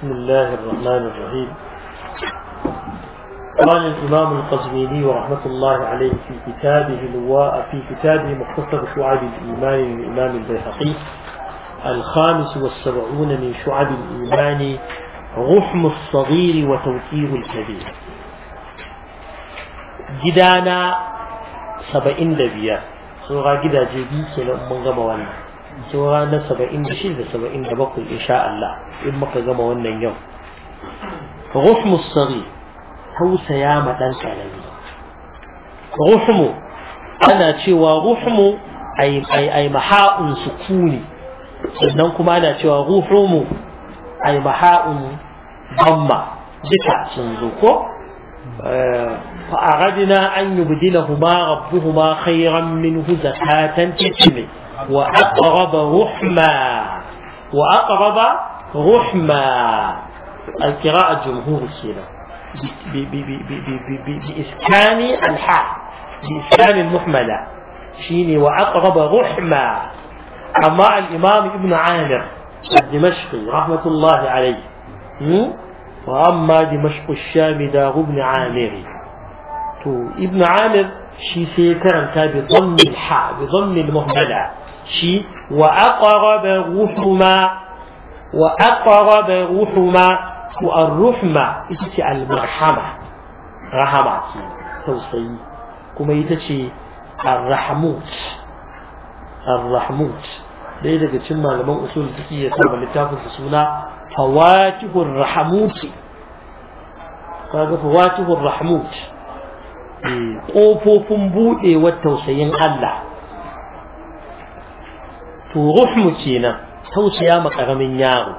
بسم الله الرحمن الرحيم قال الإمام القزويني ورحمة الله عليه في كتابه الواء في كتابه مختصر شعب الإيمان للإمام البيهقي الخامس والسبعون من شعب الإيمان غحم الصغير وتوكير الكبير جدانا سبعين دبيا سورة جدا جديد سنة من غموانا zo ranar saba'in da shida saba'in da bakwai insha Allah in muka gama wannan yau rufmu sari tausaya ma ɗan ƙarami rufmu ana cewa rufmu ai maha'un sukuni sannan kuma ana cewa ruhumu ai maha'un damma duka sun zo ko فأردنا أن يبدلهما ربهما خيرا منه زكاة تجمل وأقرب رحما وأقرب رحما القراءة الجمهور كده بإسكان الحاء بإسكان المحملة شيني وأقرب رحما أما الإمام ابن عامر الدمشقي رحمة الله عليه وأما دمشق الشام دار ابن عامر ابن عامر شي سيكرم بضم الحاء بضم المهملة شي وأقرب رحما وأقرب رحما والرحمة إتتي المرحمة رحمة توصي كما يتتي الرحموت الرحموت ɗaya daga cikin malaman usul suke ya saba littafin su suna fawatihur rahamuti kaga fawatihur rahmut kofofin buɗewar tausayin Allah تروح متينا توتيا مكرمين يارو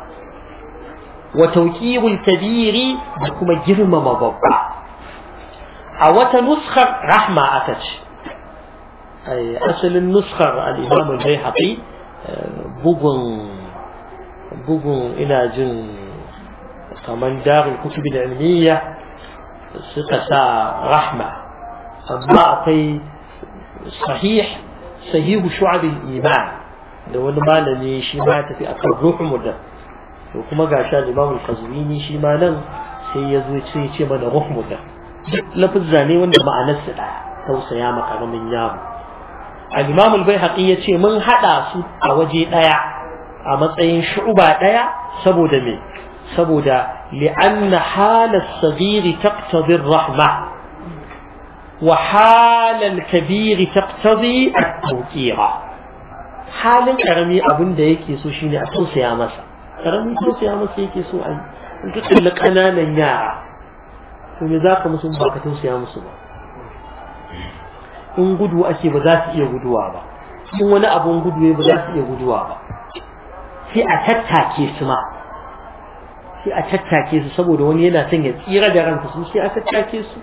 وتوكير الكبير بكما جرم مبابا أو نسخة رحمة أتج أي أصل النسخة الإمام البيحقي بوغن بوغن إلى جن كمان دار الكتب العلمية سقسا رحمة أما صحيح صحيح شعب الإيمان da wani malami shi ma ya tafi akan ruhu da to kuma ga sha Imam Al-Qazwini shi ma nan sai ya zo sai ce mana ruhu da duk lafizza ne wanda ma'anar sa da tausaya ma karamin yaro Al-Imam al bayhaqi ya ce mun hada su a waje daya a matsayin shu'ba daya saboda me saboda li'anna halas sagiri taqtadi ar rahma wa halal kabiri taqtadi at-tawqira halin karami abin da yake so shine a tausaya masa karamin tausaya masa yake so a in kananan yara to me za ka musu ba ka tausaya musu ba in gudu ake ba za su iya guduwa ba in wani abun gudu ba za su iya guduwa ba sai a tattake su ma sai a tattake su saboda wani yana son ya tsira da ranka su sai a tattake su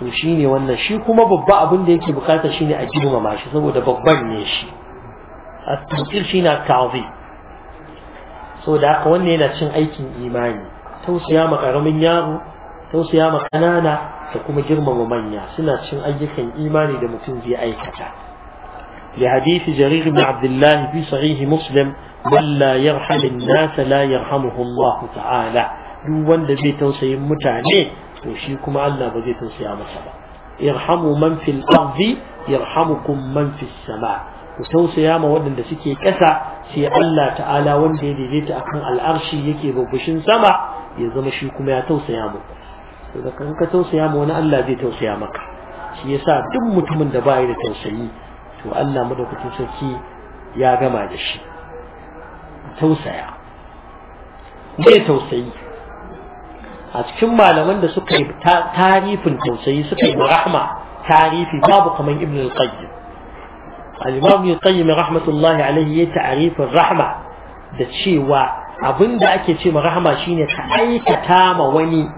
to shine wannan shi kuma babba abin da yake bukata shine a girmama shi saboda babban ne shi at-tawqir shine ta'zi saboda haka wannan yana cin aikin imani tausaya ma karamin yaro tausaya ma kanana da kuma girmama manya suna cin ayyukan imani da mutum zai aikata لحديث جرير بن عبد الله في صحيح مسلم من لا يرحم الناس لا يرحمه الله تعالى duk wanda bai tausayin mutane to shi kuma Allah ba zai tausaya masa ba irhamu man fil ardi yarhamukum man fis sama ku tausaya ma waɗanda suke ƙasa sai Allah ta'ala wanda ya daidaita akan al'arshi yake babbushin sama ya zama shi kuma ya tausaya mu to da kan ka tausaya ma wani Allah zai tausaya maka shi yasa duk mutumin da bai da tausayi to Allah madaukakin sarki ya gama da shi tausaya me tausayi a cikin malaman da suka yi tarifin tausayi suka yi rahma tarifi babu kamar ibn al-qayyim al-imam ibn al-qayyim rahmatullahi alaihi ya ta'arifin rahma da cewa abinda ake ce ma rahma shine ka aikata ma wani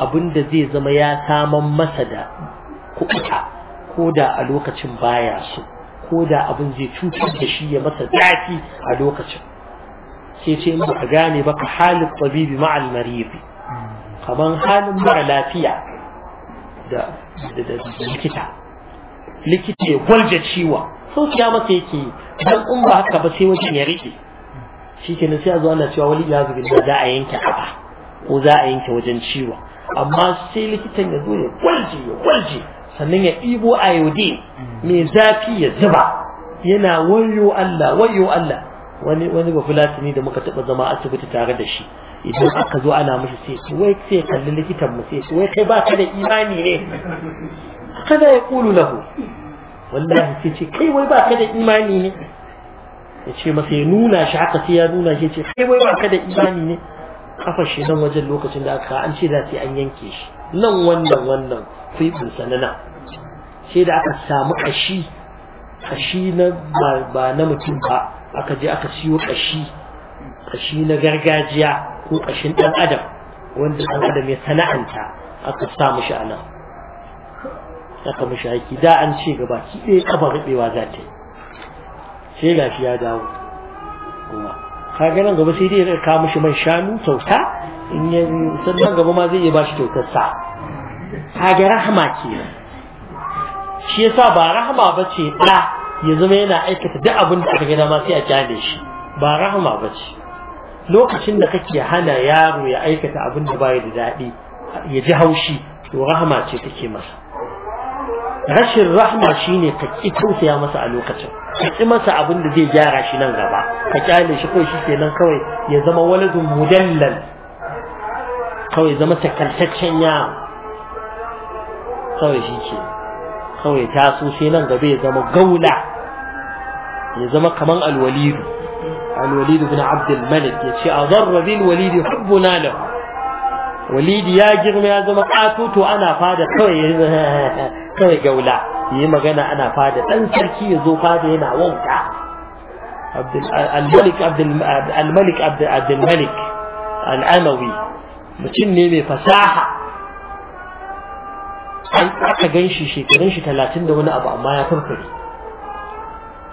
abinda zai zama ya saman masa da kuɓuta ko da a lokacin baya so ko da abin zai cutar da shi ya masa zafi a lokacin sai ce in ba ka gane ba ka halin tabibi ma'al maribi kamar halin mara lafiya da likita likita ya gwalje ciwa sau ya masa yake yi don in ba haka ba sai wajen ya rike shi ke sai a zo ana cewa wani ya zubi da za a yanke aba ko za a yanke wajen ciwa amma sai likitan ya zo ya gwalje ya gwalje sannan ya ɗibo yaudi mai zafi ya zuba yana wayo Allah wayo Allah wani wani fulatini da muka taɓa zama asibiti tare da shi idan aka zo ana mishi sai ce wai sai kalli likitan mu sai ce wai kai ka da imani ne kada ya kulu lahu wallahi sai ce kai wai ba ka da imani ne ya ce masa ya nuna shi haka sai ya nuna shi ce kai wai ba ka da imani ne kafa shi nan wajen lokacin da aka an ce da sai an yanke shi nan wannan wannan kwibin sanana sai da aka samu kashi kashi na ba na mutum ba aka je aka siyo kashi kashi na gargajiya ko ƙashin ɗan adam wanda dan adam ya sana'anta aka sa mishi a nan aka mishi aiki da an ce gaba ki dai kafa rubewa za ta yi sai gashi ya dawo kuma kaga nan gaba sai dai ya kawo mishi man shanu kyauta in ya sannan gaba ma zai iya bashi kyautar sa kaga rahama ke shi yasa ba rahama ba ce ɗa ya zama yana aikata duk abin da aka gina ma sai a kyale shi ba rahama ba ce lokacin da kake hana yaro ya aikata abin da bai da daɗi ya ji haushi to rahama ce take masa rashin rahma shine ka ki tausaya masa a lokacin ka ki masa abin da zai gyara shi nan gaba ka kyale shi kawai shi kenan kawai ya zama waladun mudallal kawai zama takaltaccen yaro kawai shi ke kawai taso sai nan gaba ya zama gaula ya zama kaman alwalidu الوليد بن عبد الملك يتشي أضر بالوليد حبنا له وليد يا جغم يا زمك آتوتو أنا فادة كوي كوي قولا يما قنا أنا فادة تنسل كي زو فادة هنا ومتع عبد الملك عبد الملك عبد عبد الملك الأموي متشني من فساحة أنت aka gan shi shekarun shi talatin da wani abu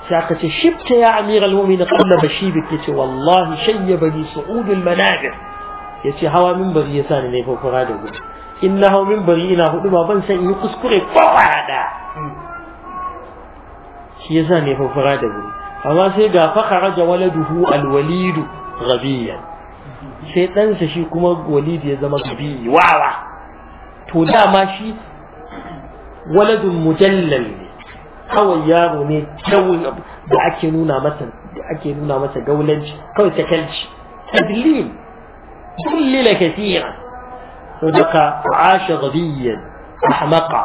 ساقت شبت يا أمير المؤمنين قبل بشيبك يتي والله شيبني صعود المنابر يتي هوا من بري يساني لي فوق هذا إن هوا من بري إنا هدو ما بنسى إن كسكري فوق هذا shi yasa ne fafara da wuri amma sai ga fakara da waladuhu alwalidu gabiyan sai ɗansa shi kuma walidu ya zama gabi wawa to dama shi waladun mujallal kawai yaro ne kawai da ake nuna masa da ake nuna masa gaulanci kawai takalci tadlil dillila kaseera sadaka asha ghadiyan ahmaqa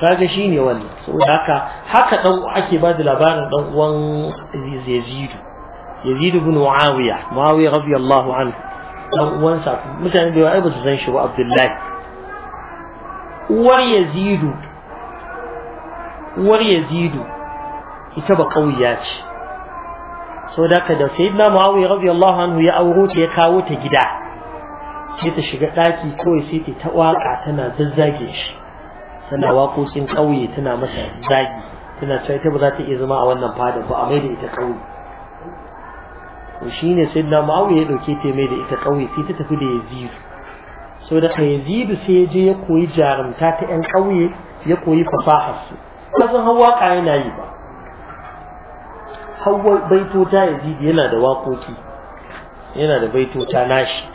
kaga shine wannan saboda haka haka dan ake ba da labarin dan uwan Yazid Yazid ibn Muawiya Muawiya radiyallahu anhu dan uwansa mutane da yawa ba su san shi ba Abdullahi uwar yazidu uwar yazidu ita ba kauya ce so da ka da sayyidina muawiya radiyallahu anhu ya auro ta ya kawo ta gida sai ta shiga ɗaki, kawai sai ta ta waka tana zazzage shi tana waƙoƙin ƙauye tana masa zagi tana cewa ita ba za ta iya zama a wannan fada ba a mai da ita ƙauye to shine sayyidina muawiya ya ɗauke ta mai da ita ƙauye sai ta tafi da yazidu so da yazidu sai ya je ya koyi jarumta ta yan ƙauye ya koyi fasahar su kasan hawa ka yana yi ba hawa baitota yazidu yana da waƙoƙi yana da baitota nashi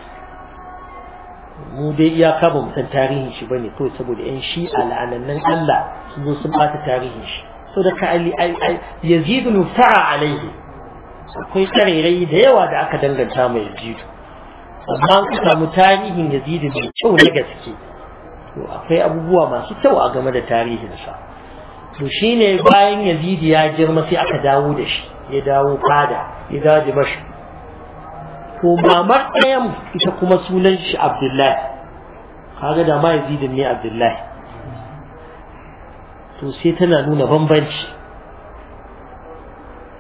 mu dai iyaka ba san tarihin shi ba ne kawai saboda yan shi al'anannan Allah sun zo sun bata tarihin shi so da ka ali yazidu nusara alaihi akwai karerai da yawa da aka danganta mai yazidu amma an samu tarihin yazidi mai kyau na gaske to akwai abubuwa masu kyau a game da tarihinsa to shine bayan yazidi ya girma sai aka dawo da shi ya dawo fada ya dawo dimashi to mamar ɗayan ita kuma sunan shi abdullahi kaga da ma yazidi ne abdullahi to sai tana nuna bambanci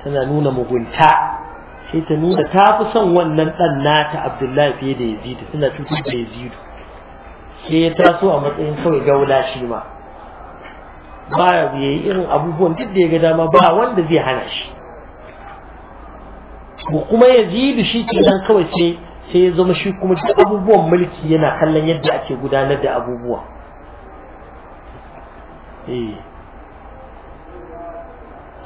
tana nuna mugunta sai ta nuna ta fi son wannan ɗan nata abdullahi fiye da yazidu suna cutar da yazidu sai ya taso a matsayin kawai gaula shi ma ba ya yi irin abubuwan duk da ya ga dama ba wanda zai hana shi ko kuma yazidu shi ke nan kawai sai sai ya zama shi kuma duk abubuwan mulki yana kallon yadda ake gudanar da abubuwa eh.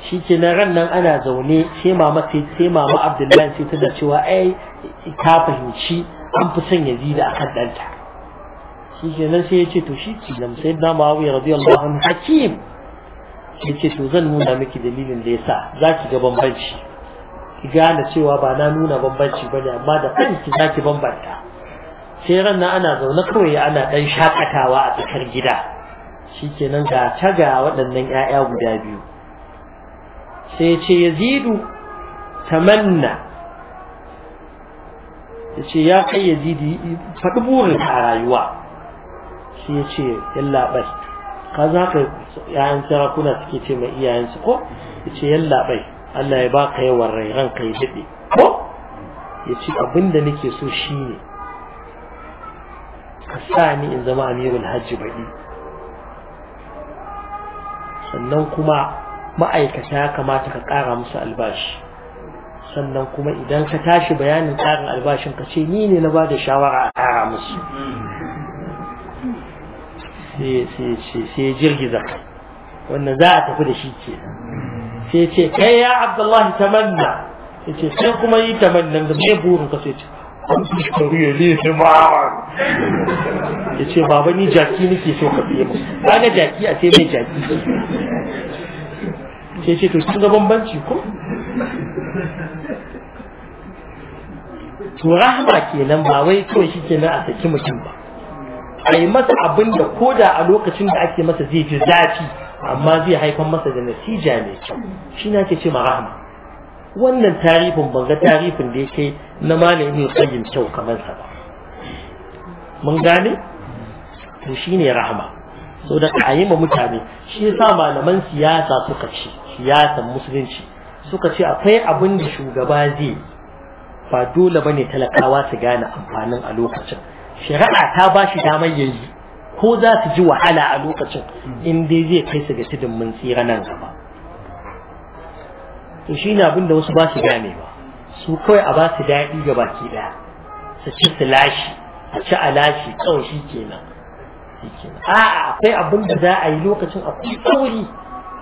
shi ke na ran nan ana zaune sai mama sai mama abdullahi sai da cewa ai ta fahimci an fi son yazida a kan ɗanta shi ke nan sai ya ce to shi ke nan sai na ma'awiyar radiyallahu anhu hakim shi ce to zan nuna miki dalilin da ya sa za ki ga bambanci ki gane cewa ba na nuna bambanci ba ne amma da kanki za ki bambanta sai ran ana zaune kawai ana ɗan shakatawa a tsakar gida shi kenan ga ga waɗannan 'ya'ya guda biyu sai ce yazidu tamanna ya ce ya kai yazidi faɗi burin a rayuwa shi ya ce yallaɓai ka za ka yayan sarakuna suke ce mai iyayensu ko ya ce yallaɓai Allah ya ba baka yawan rai ranka ya daɗe ko ya ce abinda nake so shine ka sa ni in zama amirul hajji baɗi sannan kuma ma'aikata ya kamata ka ƙara musu albashi sannan kuma idan ka tashi bayanin ƙarin albashin ka ce ni ne na ba da shawara a ƙara musu sai jirgiza wannan za a tafi da shi ke sai ce kai ya abdullahi tamanna ya ce sai kuma yi tamannan da mai burin ka sai ce an fi shekaru ya lefe ma'awar ya ce baba ni jaki nake so ka fiye mu ba jaki a sai mai jaki sai ce to sun ga bambanci ko to rahama kenan ba wai kawai shi kenan a saki mutum ba a yi masa abin da ko da a lokacin da ake masa zai ji zafi amma zai haifar masa da natija mai kyau shi na ke ce ma rahama wannan tarifin ban ga tarifin da yake na malamin tsayin kyau kamar sa ba mun gane to shi ne rahama so da a yi ma mutane shi yasa malaman siyasa suka ce siyasar musulunci suka ce akwai abin da shugaba zai ba dole ba ne talakawa su gane amfanin a lokacin shari'a ta ba shi damar yayi ko za su ji wahala a lokacin in dai zai kai su ga tudun mun tsira nan gaba to shi shine abin da wasu ba su gane ba su kawai a ba su daɗi ga baki ɗaya su ci su lashi a ci a lashi kawai shi kenan a'a akwai abin da za a yi lokacin akwai tsauri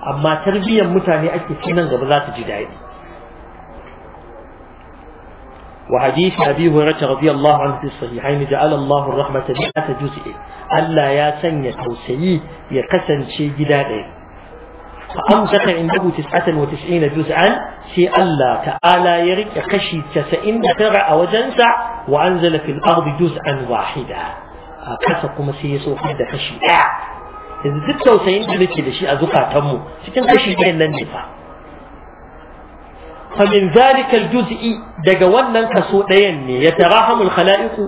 amma tarbiyyar mutane ake fi nan gaba za ta ji daɗi wa hadisi abi hurairah radiyallahu anhu fi sahihain ja'ala Allahu rahmata bi ta juz'i Allah ya sanya tausayi ya kasance gida ɗaya fa amsaka inda bu tis'ata wa tis'ina juz'an shi Allah ta'ala ya rike kashi 99 a wajen sa wa anzala fil ardi juz'an wahida a kasa kuma sai ya so da kashi ɗaya yanzu duk tausayin da muke da shi a zukatanmu cikin kashi ɗayan nan ne fa famin zalikal juz'i daga wannan kaso ɗayan ne ya tarahamul khala'iqu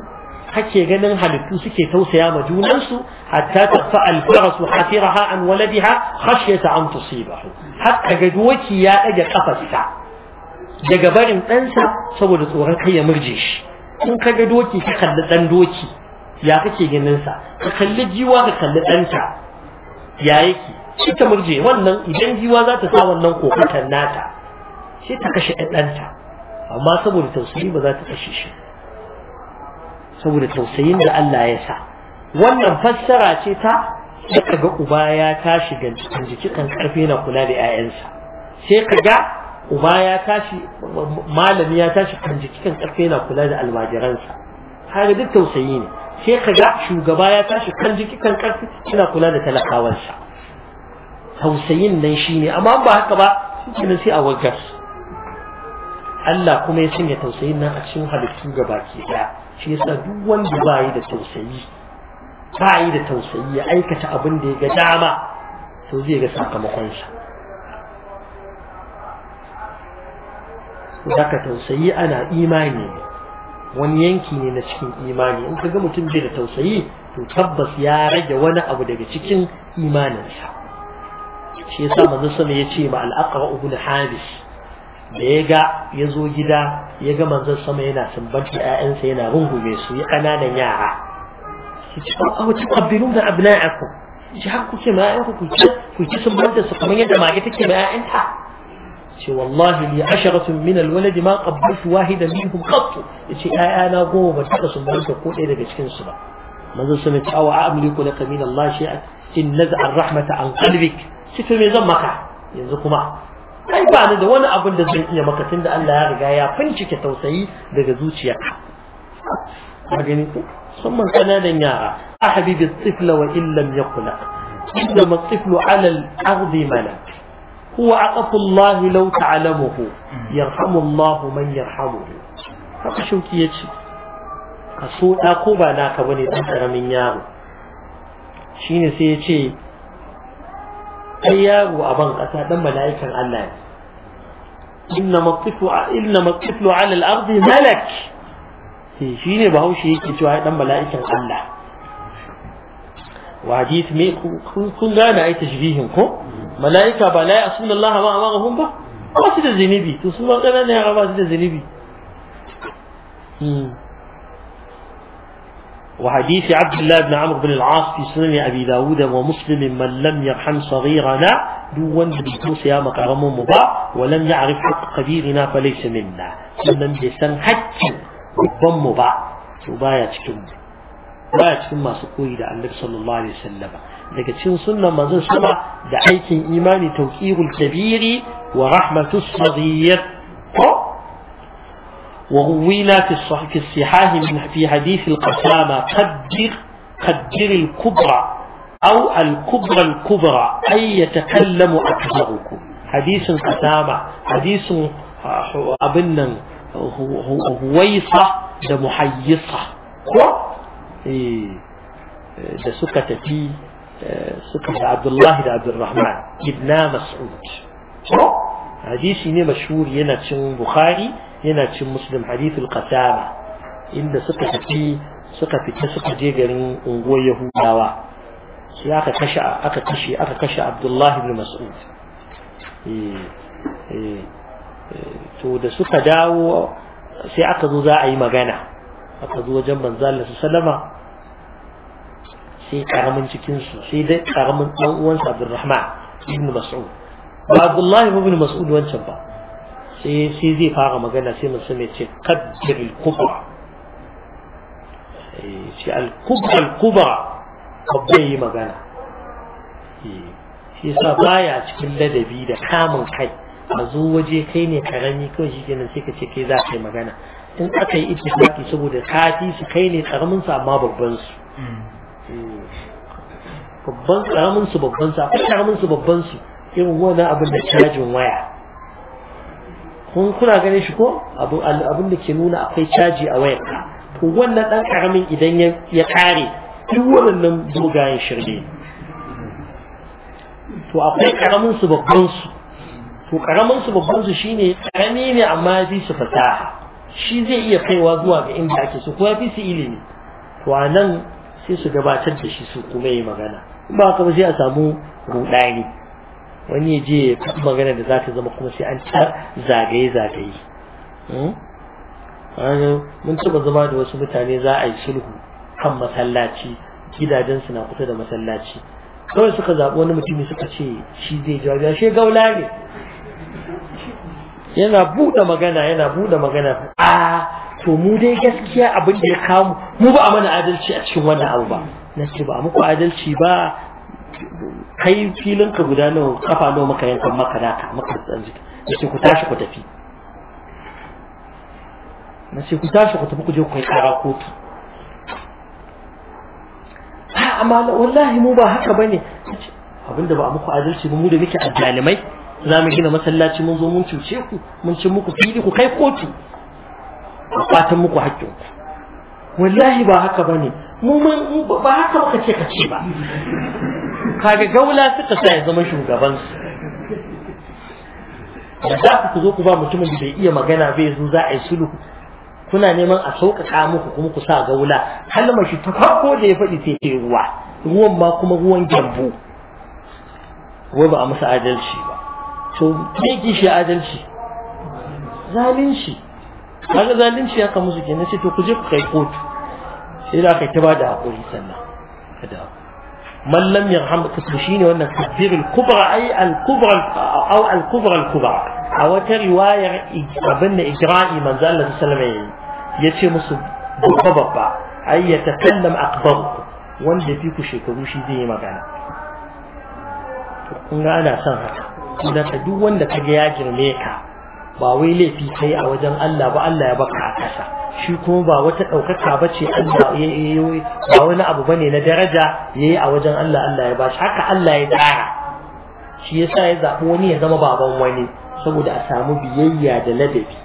kake ganin halittu suke tausaya ma junansu hatta tafa alfarasu hafiraha an waladiha khashyata an tusibahu hatta ga doki ya ɗage kafarsa daga barin ɗansa saboda tsoron kai ya murje shi in ka ga doki ka kalli ɗan doki ya kake ganin sa ka kalli jiwa ka kalli ɗanta ya yake shi ta murje wannan idan jiwa za ta sa wannan kokatan nata shi ta kashe ɗanta amma saboda tausayi ba za ta kashe shi saboda tausayin da Allah ya sa wannan fassara ce ta sai ka ga uba ya tashi ga jiki kan karfe na kula da 'ya'yansa sai ka ga uba ya tashi malami ya tashi kan jiki kan karfe na kula da almajiransa kaga duk tausayi ne sai ka ga shugaba ya tashi kan jiki kan karfi yana kula da talakawansa tausayin nan shine amma ba haka ba shi sai a wagar Allah kuma ya sanya tausayin nan a cikin halittu ga baki daya shi yasa duk wanda ba yi da tausayi ba yi da tausayi ya aikata abin da ya ga dama to zai ga sakamakon sa zaka tausayi ana imani ne wani yanki ne na cikin imani in ka ga mutum bai da tausayi to tabbas ya rage wani abu daga cikin imaninsa shi yasa manzo sama ya ce ma al-aqra ibn habis da ya ga ya zo gida ya ga manzon sama yana sambanta ƴaƴansa yana rungume su ya ƙananan yara ki ci aw ci qabbilun da abna'akum ji har kuke ma ku ci ku ci sambanta su kamar yadda mage take ma ƴaƴanta شي والله لي عشرة من الولد ما قبلت واحدا منهم قط شي آه، آه، انا قوم اتقص الملك يقول ايه ده كان صبا ما ذو سنة او املك لك من الله شيئا ان نزع الرحمة عن قلبك شفت من زمك ينزقوا معه اي بعد ده وانا اقول ده زي ايه مكة تند ان لها رقايا فنشك توسعي ده جزوش يقع ثم انا نيارا احبيب الطفل وان لم يقلق انما الطفل على الارض ملك هو عطف الله لو تعلمه يرحم الله من يرحمه haka shauki ya ce ka so ɗa ko ba naka bane ɗan ƙaramin yaro shine sai ya ce ai yaro a ban ƙasa ɗan mala'ikan Allah ne inna maqtifu inna maqtifu ala al-ardi malak shine bahaushe yake cewa ɗan mala'ikan Allah wa hadith me kun gane ai tashbihin ko mala'ika ba layi a sunan Allah ma a magahun ba ba su da zunubi to su ban ƙananan yara ba su da zunubi hmm. wa hadisi abdullahi na amr bin al-as fi sunan abi dawud wa muslim man lam duk wanda bai so siya mu ba wa lam ya'rif haqq qadirina fa laysa minna sannan bai san haƙƙin babban mu ba to baya cikin mu baya cikin masu koyi da annabi sallallahu alaihi wasallam daga cikin sunnan manzon sama da aikin imani tawqihul kabiri wa rahmatus saghir وروينا في الصحيح في الصحاح في حديث القسامة قدر قدر الكبرى أو الكبرى الكبرى أي يتكلم أكبركم حديث قسامة حديث أبنا هويصة ده محيصة Eh, da suka tafi eh, suka da Abdullahi da Abdurrahman ibn Mas'ud hadisi ne mashhuri yana cin Bukhari yana cin Muslim hadithul Qasama inda suka tafi suka fita suka je garin unguwar Yahudawa sai aka kashe aka kashe aka kashe Abdullahi ibn Mas'ud eh, to da suka dawo sai aka zo za a yi magana aka zo wajen manzo Allah sallama sai karamin cikin su sai dai karamin dan uwansa rahma, ibn Mas'ud ba Abdullah ibn Mas'ud wancan ba sai sai zai fara magana sai mun sani ce qaddir al-kubra eh, Sai shi al-kubra al-kubra babban yi magana eh, shi sa baya cikin ladabi da kamun kai a zo waje kai ne karami kawai shi kenan sai ka ce kai za ka yi magana in aka yi ittifaki saboda kafi su kai ne karamin su amma babban su mm. babban karamin su babban su akwai karamin su babban su irin wani abin da cajin waya kun kuna ganin shi ko abin da ke nuna akwai caji a wayar ka to wannan dan karamin idan ya kare duk wannan dogayen shirme to akwai karamin su babban su to karamin su babban su shine karami ne amma ya fi su fasaha shi zai iya kaiwa zuwa ga inda ake su, ko ya fi su ilimi to a nan sai su gabatar da shi su kuma yi magana in ba kuma sai a samu rudani wani ya je magana da zata zama kuma sai an ta zagaye zagaye hmm? mun taba zama da wasu mutane za a yi sulhu kan masallaci gidajensu na kusa da masallaci kawai suka zaɓi wani mutumi suka ce shi zai jawabi shi gaula ne yana buɗe magana yana buɗe magana a ah! to mu dai gaskiya abin da ya kawo mu ba a mana adalci a cikin wannan abu ba na ce ba muku adalci ba kai filin ka guda nawa kafa nawa maka yankan maka naka maka tsanji na ce ku tashi ku tafi na ce ku tashi ku tafi ku je ku kai kara kotu ha amma wallahi mu ba haka bane abinda ba a muku adalci ba mu da muke addalimai za mu gina masallaci mun zo mun cuce ku mun ci muku fili ku kai kotu fatan muku haƙƙin ku wallahi ba haka bane ne ba haka muka ce ka ce ba kaga gaula suka sa ya zama shugaban su da za ku zo ku ba mutumin da bai iya magana bai zo za a yi sulhu kuna neman a sauƙaƙa muku kuma ku sa gaula kalmar shi ta farko da ya faɗi sai ce ruwa ruwan ma kuma ruwan gyambo wai ba a masa adalci ba to me kishi adalci zalunci kaga zalunci haka musu ke nace to ku je ku kai kotu sai da kai ta bada hakuri sannan kada man lam yarham kasu shine wannan takbir al-kubra ay al-kubra aw al-kubra al-kubra a wata riwayar ibn na ijra'i manzo Allah sallallahu alaihi yace musu babba babba ay ya takallam akbar wanda fi ku shekaru shi zai yi magana kun ga ana son haka kuma duk wanda kage ya girme ka ba wai laifi kai a wajen Allah ba Allah ya baka a kasa shi kuma ba wata ɗaukaka ba ce Allah ba wani abu ba ne na daraja ya yi a wajen Allah Allah ya bashi haka Allah ya tsara shi ya sa ya zaɓi wani ya zama baban wani saboda a samu biyayya da ladabi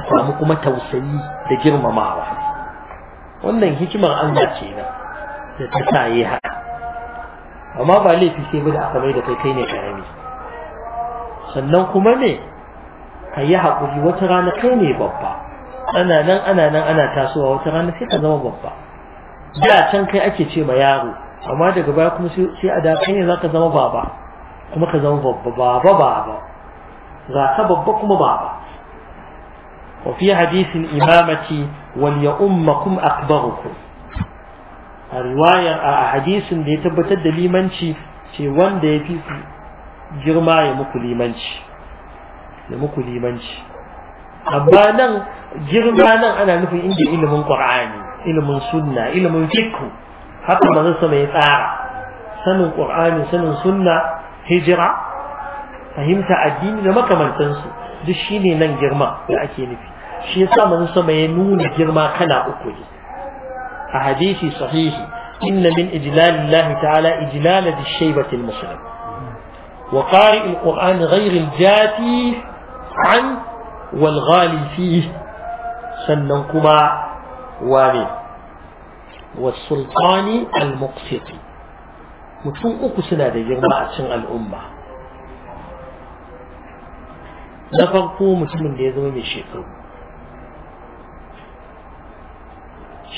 a samu kuma tausayi da girmamawa wannan hikimar Allah ce nan da ta sa yi haka amma ba laifi sai ba da aka da kai kai ne karami sannan kuma ne a yi haƙuri wata rana kai ne babba ana nan ana nan ana tasowa wata rana sai ka zama babba da can kai ake ce ma yaro amma daga baya kuma sai a da kai ne za ka zama baba kuma ka zama babba baba baba za ka babba kuma baba وفي حديث الإمامة وليؤمكم أكبركم الرواية حديث دي تبتد ليمنشي شي وان دي في جرما يمك ليمنشي da muku limanci amma nan girma nan ana nufin inda ilimin qur'ani ilimin sunna ilimin fikhu haka manzon sama ya tsara sanin qur'ani sanin sunna hijira fahimta addini da makamantan su duk shine nan girma da ake nufi shi yasa manzon sama ya nuna girma kana uku ne a hadisi sahihi إن من إجلال ta'ala تعالى إجلال ذي الشيبة المسلم وقارئ القرآن غير الجاتي an wal sannan kuma wane wa sultani al muqsiti mutum uku suna da girma a cikin al'umma na farko mutumin da ya zama mai shekaru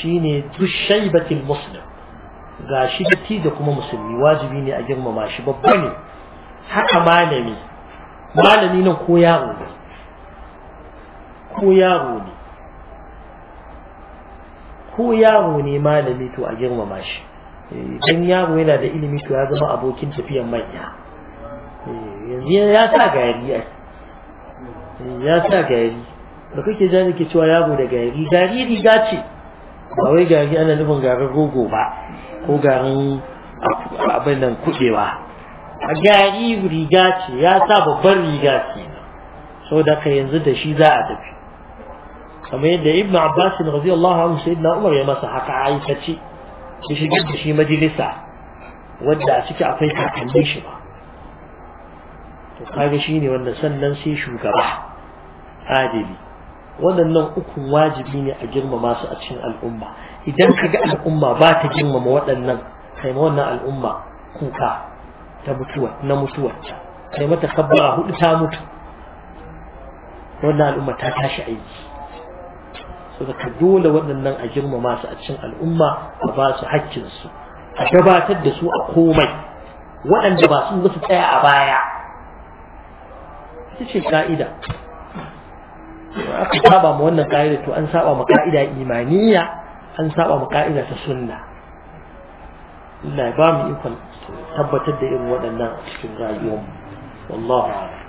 shine dushaibatil muslim ga shi da kuma musulmi wajibi ne a girmama shi babba ne haka malami malami nan ko yaro ne ko yaro ne ko yaro ne malami to a girmama shi eh, don yaro yana da ilimi to ya zama abokin tafiyan manya eh, yanzu ya sa gari eh, ya sa gari da kake ja ke cewa yaro da gari gari riga ce ba wai gari ana nufin garin rogo ba ko garin abin nan kuɗewa a gari riga ce ya sa babban riga ce so da ka yanzu da shi za a tafi kamar yadda ibn abbas radiyallahu anhu sayyidina umar ya masa haka aikace shi shigar da shi majalisa wadda a ciki akwai kakanni shi ba to kaga shine wanda sannan sai shugaba adili waɗannan ukun wajibi ne a girmama su a cikin al'umma idan ka ga al'umma ba ta girmama waɗannan kai ma wannan al'umma kuka ta mutuwa na mutuwar ta kai mata kabbara hudu ta mutu wannan al'umma ta tashi aiki saboda ka dole waɗannan a girmama su a cikin al'umma a ba su haƙƙin a gabatar da su a komai waɗanda ba su ba su tsaya a baya ita ce ka'ida aka saba ma wannan ka'ida to an saba ma ka'ida imaniya an saba ma ka'ida ta sunna Allah ya ba mu ikon tabbatar da irin waɗannan a cikin rayuwa. wallahu a'lam